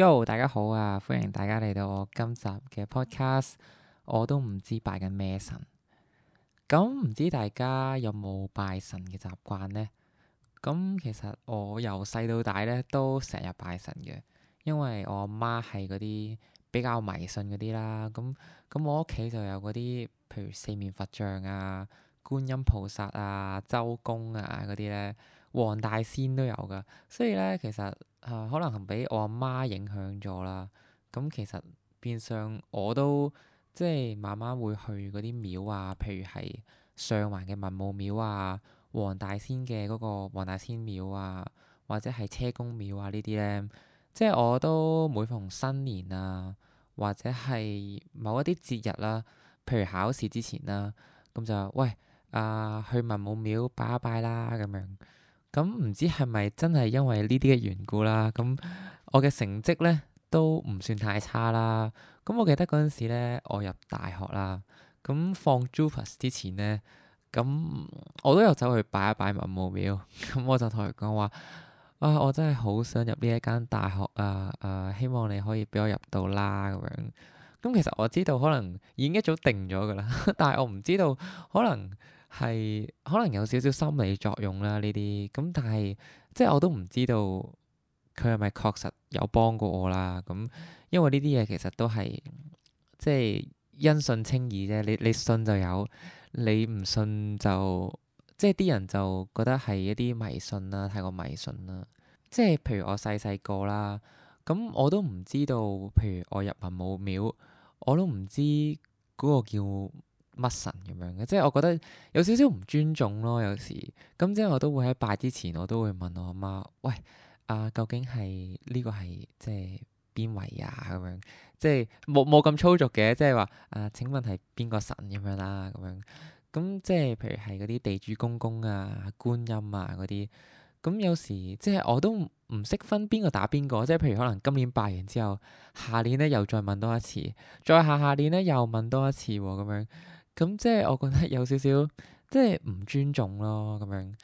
Yo，大家好啊！歡迎大家嚟到我今集嘅 podcast。我都唔知拜緊咩神，咁唔知大家有冇拜神嘅習慣呢？咁其實我由細到大咧都成日拜神嘅，因為我阿媽係嗰啲比較迷信嗰啲啦。咁咁我屋企就有嗰啲，譬如四面佛像啊、觀音菩薩啊、周公啊嗰啲咧。黃大仙都有噶，所以咧，其實啊、呃，可能係俾我阿媽影響咗啦。咁其實變相我都即係慢慢會去嗰啲廟啊，譬如係上環嘅文武廟啊，黃大仙嘅嗰個黃大仙廟啊，或者係車公廟啊呢啲咧，即係我都每逢新年啊，或者係某一啲節日啦、啊，譬如考試之前啦、啊，咁就喂啊、呃，去文武廟拜一拜啦，咁樣。咁唔知係咪真係因為緣呢啲嘅緣故啦？咁我嘅成績咧都唔算太差啦。咁我記得嗰陣時咧，我入大學啦。咁放 Jupas 之前咧，咁我都有走去拜一拜文武廟。咁我就同佢講話：啊，我真係好想入呢一間大學啊！啊，希望你可以俾我入到啦咁樣。咁其實我知道可能已經一早定咗噶啦，但係我唔知道可能。係可能有少少心理作用啦，呢啲咁，但係即係我都唔知道佢係咪確實有幫過我啦。咁、嗯、因為呢啲嘢其實都係即係因信稱義啫。你你信就有，你唔信就即係啲人就覺得係一啲迷信啦，太過迷信啦。即係譬如我細細個啦，咁、嗯、我都唔知道，譬如我入文武廟，我都唔知嗰個叫乜神咁樣嘅，即係我覺得有少少唔尊重咯。有時咁即係我都會喺拜之前，我都會問我阿媽，喂，啊，究竟係呢個係即係邊位啊？咁樣即係冇冇咁粗俗嘅。即係話啊？請問係邊個神咁樣啦？咁樣咁即係譬如係嗰啲地主公公啊、觀音啊嗰啲，咁有時即係我都唔識分邊個打邊個，即係譬如可能今年拜完之後，下年咧又再問多一次，再下下年咧又問多一次咁樣。咁即係我覺得有少少即係唔尊重咯，咁樣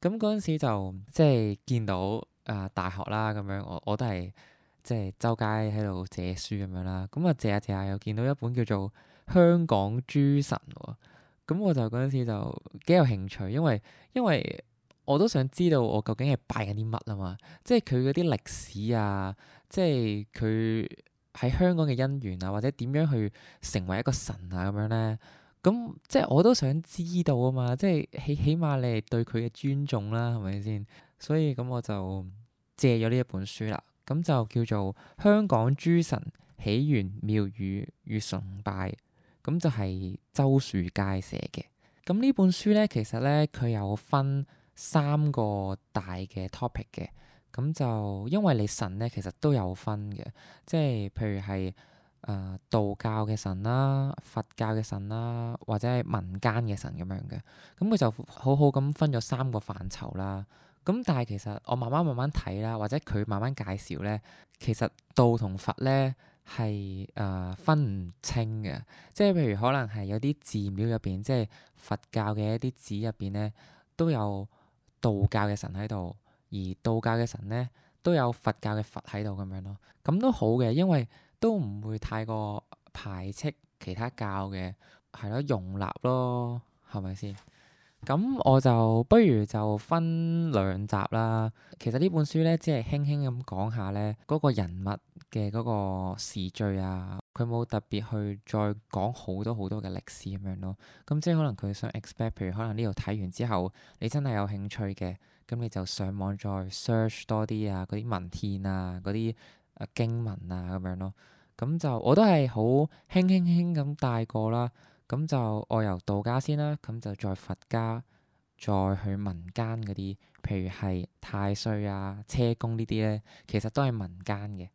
咁嗰陣時就即係見到啊、呃、大學啦，咁樣我我都係即係周街喺度借書咁樣啦。咁啊借下借下又見到一本叫做《香港諸神》喎，咁我就嗰陣時就幾有興趣，因為因為我都想知道我究竟係拜緊啲乜啊嘛，即係佢嗰啲歷史啊，即係佢喺香港嘅姻緣啊，或者點樣去成為一個神啊咁樣咧。咁即係我都想知道啊嘛，即係起起碼你係對佢嘅尊重啦，係咪先？所以咁我就借咗呢一本書啦，咁就叫做《香港諸神起源、廟宇與崇拜》，咁就係周樹佳寫嘅。咁呢本書咧，其實咧佢有分三個大嘅 topic 嘅，咁就因為你神咧其實都有分嘅，即係譬如係。誒、呃，道教嘅神啦，佛教嘅神啦，或者係民間嘅神咁樣嘅，咁、嗯、佢就好好咁分咗三個範疇啦。咁、嗯、但係其實我慢慢慢慢睇啦，或者佢慢慢介紹咧，其實道同佛咧係誒分唔清嘅，即係譬如可能係有啲寺廟入邊，即係佛教嘅一啲寺入邊咧都有道教嘅神喺度，而道教嘅神咧都有佛教嘅佛喺度咁樣咯。咁都好嘅，因為。都唔會太過排斥其他教嘅，係咯容納咯，係咪先？咁我就不如就分兩集啦。其實呢本書咧，只係輕輕咁講下咧嗰個人物嘅嗰個時序啊，佢冇特別去再講好多好多嘅歷史咁樣咯。咁即係可能佢想 expect，譬如可能呢度睇完之後你真係有興趣嘅，咁你就上網再 search 多啲啊，嗰啲文獻啊，嗰啲啊經文啊咁樣咯。咁就我都係好輕輕輕咁帶過啦。咁就我由道家先啦，咁就再佛家，再去民間嗰啲，譬如係太歲啊、車公呢啲咧，其實都係民間嘅。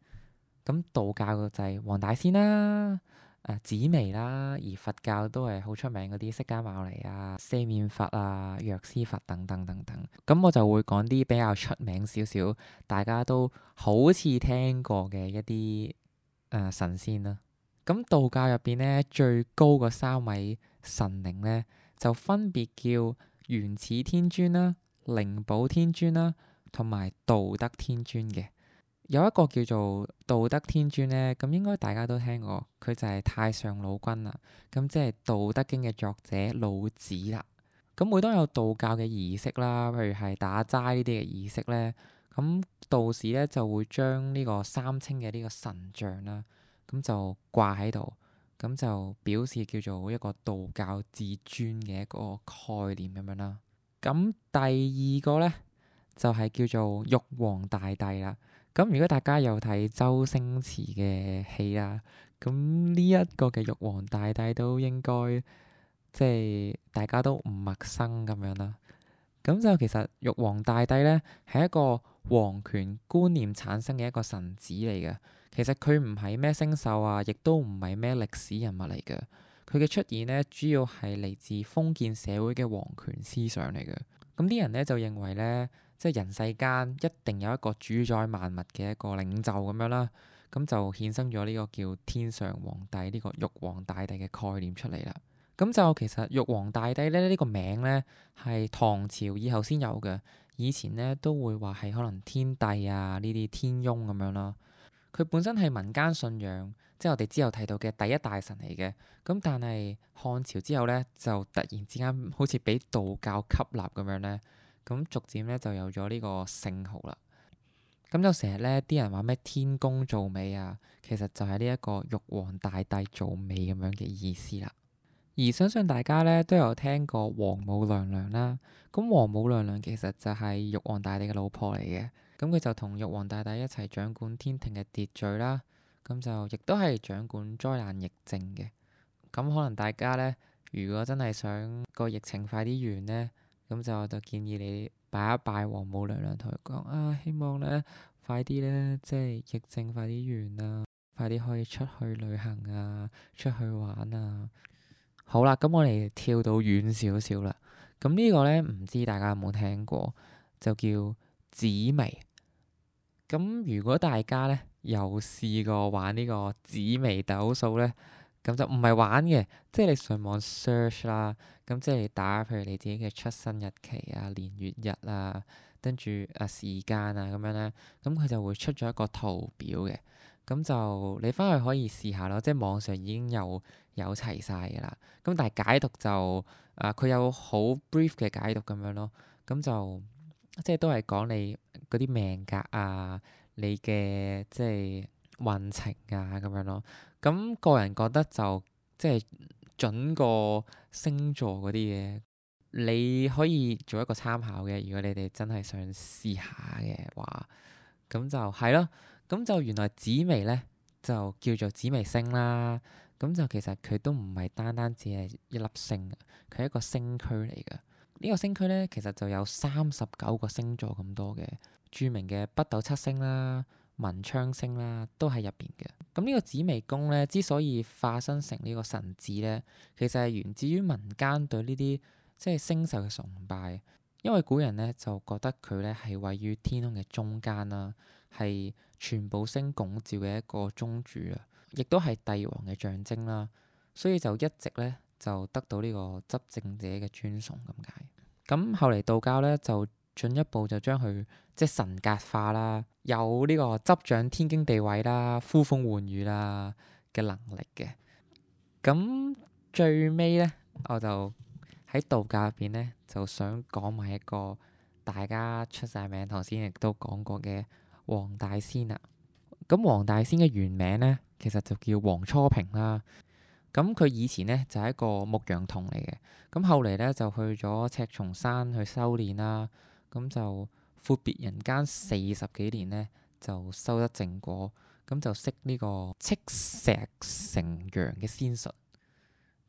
咁道教個就係黃大仙啦、啊、誒紫薇啦、啊，而佛教都係好出名嗰啲釋迦牟尼啊、四面佛啊、藥師佛等等等等。咁我就會講啲比較出名少少，大家都好似聽過嘅一啲。誒、呃、神仙啦，咁道教入邊咧，最高個三位神靈咧，就分別叫原始天尊啦、靈寶天尊啦，同埋道德天尊嘅。有一個叫做道德天尊咧，咁應該大家都聽過，佢就係太上老君啦，咁即係《道德經》嘅作者老子啦。咁每當有道教嘅儀式啦，譬如係打齋呢啲嘅儀式咧。咁道士咧就會將呢個三清嘅呢個神像啦，咁就掛喺度，咁就表示叫做一個道教至尊嘅一個概念咁樣啦。咁第二個咧就係叫做玉皇大帝啦。咁如果大家有睇周星馳嘅戲啦，咁呢一個嘅玉皇大帝都應該即係大家都唔陌生咁樣啦。咁就其實玉皇大帝咧，係一個皇權觀念產生嘅一個神祇嚟嘅。其實佢唔係咩星宿啊，亦都唔係咩歷史人物嚟嘅。佢嘅出現咧，主要係嚟自封建社會嘅皇權思想嚟嘅。咁啲人咧就認為咧，即係人世間一定有一個主宰萬物嘅一個領袖咁樣啦。咁就衍生咗呢個叫天上皇帝呢個玉皇大帝嘅概念出嚟啦。咁就其實玉皇大帝咧，呢個名咧，係唐朝以後先有嘅，以前咧都會話係可能天帝啊、呢啲天翁咁樣咯。佢本身係民間信仰，即係我哋之後提到嘅第一大神嚟嘅。咁但係漢朝之後咧，就突然之間好似俾道教吸納咁樣咧，咁逐漸咧就有咗呢個聖號啦。咁就成日咧啲人話咩天公造美啊，其實就係呢一個玉皇大帝造美咁樣嘅意思啦。而相信大家咧都有聽過王母娘娘啦。咁王母娘娘其實就係玉皇大帝嘅老婆嚟嘅。咁佢就同玉皇大帝一齊掌管天庭嘅秩序啦。咁就亦都係掌管災難疫症嘅。咁可能大家咧，如果真係想個疫情快啲完咧，咁就我就建議你拜一拜王母娘娘，同佢講啊，希望咧快啲咧，即係疫症快啲完啊，快啲可以出去旅行啊，出去玩啊。好啦，咁我哋跳到遠少少啦。咁呢個咧，唔知大家有冇聽過，就叫紫微。咁如果大家咧有試過玩呢個紫微斗數咧，咁就唔係玩嘅，即係你上網 search 啦，咁即係你打，譬如你自己嘅出生日期啊、年月日啊，跟住啊時間啊咁樣咧，咁佢就會出咗一個圖表嘅。咁就你翻去可以試下咯，即係網上已經有有齊晒噶啦。咁但係解讀就誒，佢、呃、有好 brief 嘅解讀咁樣咯。咁就即係都係講你嗰啲命格啊，你嘅即係運程啊咁樣咯。咁個人覺得就即係準過星座嗰啲嘢，你可以做一個參考嘅。如果你哋真係想試下嘅話，咁就係咯。咁就原來紫微咧，就叫做紫微星啦。咁就其實佢都唔係單單只係一粒星，佢係一個星區嚟嘅。呢、這個星區咧，其實就有三十九個星座咁多嘅，著名嘅北斗七星啦、文昌星啦，都喺入邊嘅。咁、這、呢個紫微宮咧，之所以化身成呢個神子咧，其實係源自於民間對呢啲即係星宿嘅崇拜，因為古人咧就覺得佢咧係位於天空嘅中間啦。係全部星拱照嘅一個宗主啊，亦都係帝王嘅象徵啦，所以就一直咧就得到呢個執政者嘅尊崇咁解。咁後嚟道教咧就進一步就將佢即係神格化啦，有呢個執掌天經地位啦、呼風喚雨啦嘅能力嘅。咁最尾咧，我就喺道教入邊咧就想講埋一個大家出晒名，頭先亦都講過嘅。黃大仙啊，咁黃大仙嘅原名咧，其實就叫黃初平啦。咁佢以前咧就係、是、一個牧羊童嚟嘅，咁後嚟咧就去咗赤松山去修煉啦。咁就闊別人間四十幾年咧，就修得正果，咁就識呢個叱石成羊嘅仙術。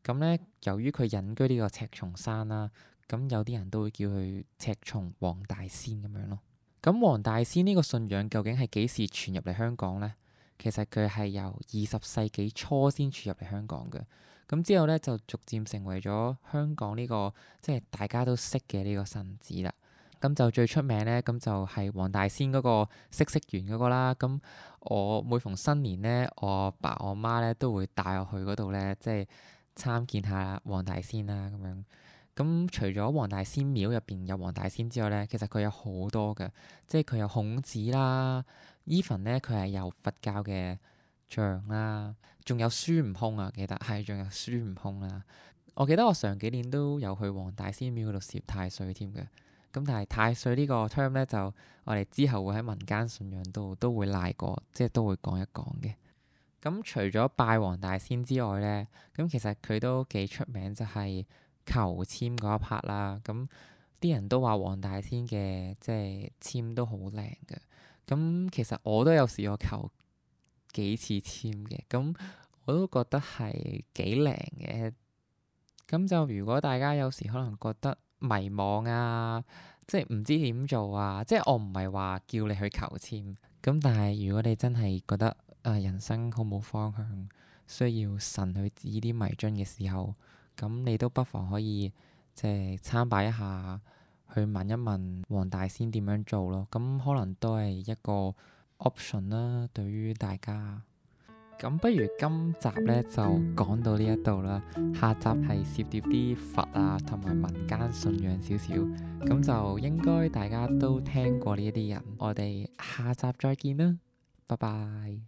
咁咧，由於佢隱居呢個赤松山啦，咁有啲人都會叫佢赤松黃大仙咁樣咯。咁黃大仙呢個信仰究竟係幾時傳入嚟香港咧？其實佢係由二十世紀初先傳入嚟香港嘅。咁之後咧就逐漸成為咗香港呢個即係大家都識嘅呢個神祇啦。咁就最出名咧，咁就係黃大仙嗰個嗇色園嗰個啦。咁我每逢新年咧，我阿爸我阿媽咧都會帶我去嗰度咧，即係參見下黃大仙啦咁樣。咁除咗黃大仙廟入邊有黃大仙之外咧，其實佢有好多嘅，即係佢有孔子啦，even 咧佢係有佛教嘅像啦，仲有孫悟空啊，記得係仲有孫悟空啦。我記得我上幾年都有去黃大仙廟度攝太歲添嘅。咁但係太歲呢個 term 咧，就我哋之後會喺民間信仰度都，都會賴過，即係都會講一講嘅。咁除咗拜黃大仙之外咧，咁其實佢都幾出名，就係、是。求籤嗰一 part 啦，咁啲人都話黃大仙嘅即係籤都好靚嘅，咁其實我都有試過求幾次籤嘅，咁我都覺得係幾靚嘅。咁就如果大家有時可能覺得迷茫啊，即係唔知點做啊，即係我唔係話叫你去求籤，咁但係如果你真係覺得啊、呃、人生好冇方向，需要神去指啲迷津嘅時候。咁你都不妨可以即係參拜一下，去問一問黃大仙點樣做咯。咁可能都係一個 option 啦，對於大家。咁不如今集呢就講到呢一度啦，下集係涉獵啲佛啊同埋民間信仰少少，咁就應該大家都聽過呢一啲人。我哋下集再見啦，拜拜。